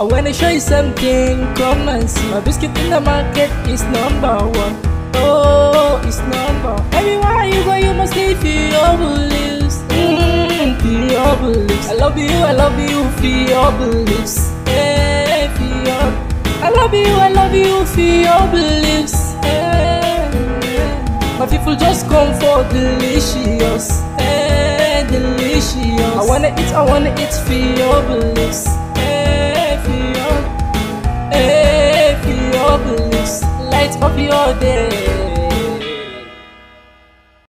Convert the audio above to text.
Oh, I wanna show you something, come and see My biscuit in the market is number one Oh, it's number one. Everywhere you go you must live your beliefs mm, your beliefs I love you, I love you, feel your beliefs hey, eh, feel your... I love you, I love you, feel your beliefs hey, eh. hey. My people just come for delicious hey, eh, delicious I wanna eat, I wanna eat, feel your beliefs happy all day.